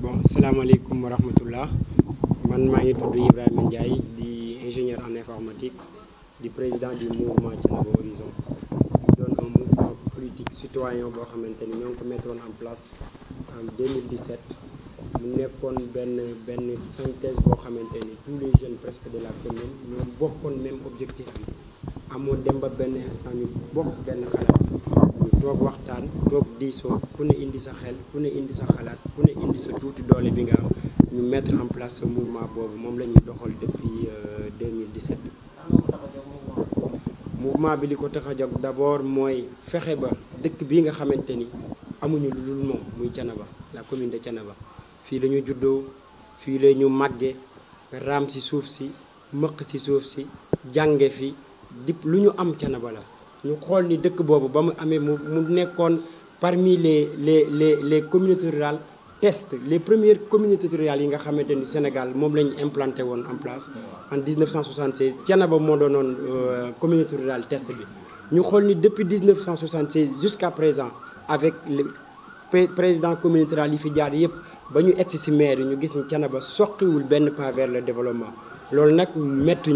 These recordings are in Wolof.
bon salaamaaleykum wa rahmatullah man maa ngi tudd Ibrahima Ndiaye di ingénieur en informatique di président du mouvement Thiénaba Horizon mu doon un mouvement politique citoyen boo xamante ni ñoo ngi ko mettoon en place en 2017 mu nekkoon benn benn synthèse boo xamante ni tous les jeunes presque de la commune ñoo bokkoon même objectif bi amoon dem ba benn instant ñu bokk benn xalaat ñu toog waxtaan toog diisoo ku ne indi sa xel ku ne indi sa xalaat ku ne indi sa tuuti doole bi nga am ñu mettre en place ce mouvement boobu moom la ñuy doxal depuis 2017. Euh, mouvement bi li ko tax a jóg d'abord mooy fexe ba dëkk bii nga xamante ni amuñu lu dul moom muy Thiénaba la commune de Thiénaba fii la juddoo fii la ñu màgge raam ci suuf si mëq si suuf si jànge fii di lu ñu am Thiénaba la ñu xool ni dëkk boobu ba mu amee mu mu nekkoon parmi les les les les rural rurales test les premières communautés rurales yi nga xamante ni Sénégal moom la ñu implanté woon en place en 1976 Thiénaba moo doonoon euh, communauté rural test bi ñu xool ni depuis 1976 jusqu'à présent avec le président communauté rurale yi fi jaar yëpp ba ñu egsi si maire yi ñu gis ni Thiénaba soqiwul benn pas vers le développement loolu nag métti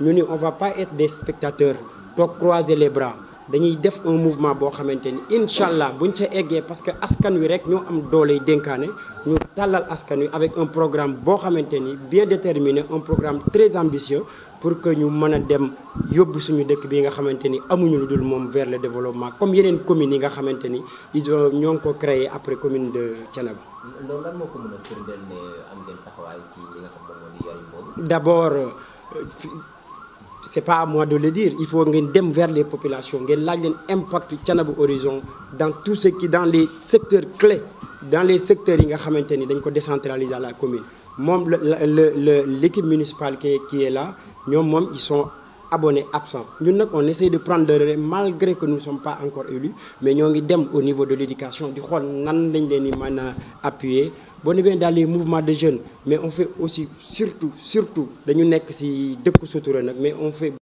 ñu ni on va pas être des spectateurs toog croiser les bras dañuy def un mouvement boo xamante ni incha allah buñ ca eggee parce que askan wi rek ñoo am doole dénkaane ñu tàllal askan wi avec un programme boo xamante ni bien déterminé un programme très ambitieux pour que ñu mën a dem yóbbu suñu dëkk bi nga xamante ni amuñu lu dul moom vers le développement comme yeneen commune yi nga xamante ni ñoo ngi ko créé après commune de Thiénaba. loolu lan moo ko mën d' c'est pas à moi de le dire il faut ngeen dem vers les populations ngeen laaj leen impact Thiénaba Horizon dans tout ce qui dans les secteurs clés dans les secteurs yi nga xamante ni dañ ko décentraliser la commune moom la le l'équipe municipale qui qui est la ñoom moom ils sont abonnés absents ñun nag on essaie de prendre le relais malgré que nous ne pas encore élus mais ñoo ngi dem au niveau de l'éducation di xool nan lañ leen di mën a appuyer boo demee eh dans les mouvements de jeunes mais on fait aussi surtout surtout dañu nekk ci dëkku sutura nag mais on fait